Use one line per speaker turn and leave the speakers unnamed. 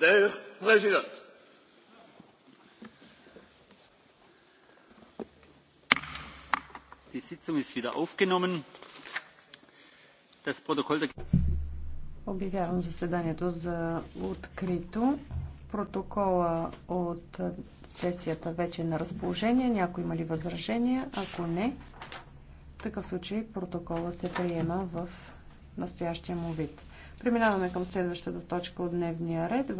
der Präsident.
Die Sitzung ist wieder aufgenommen. Das Protokoll der
Обявявам заседанието за открито. Протокола от сесията вече е на разположение. Някой има ли възражения? Ако не, в такъв случай протокола се приема в настоящия му вид. Преминаваме към следващата точка от дневния ред.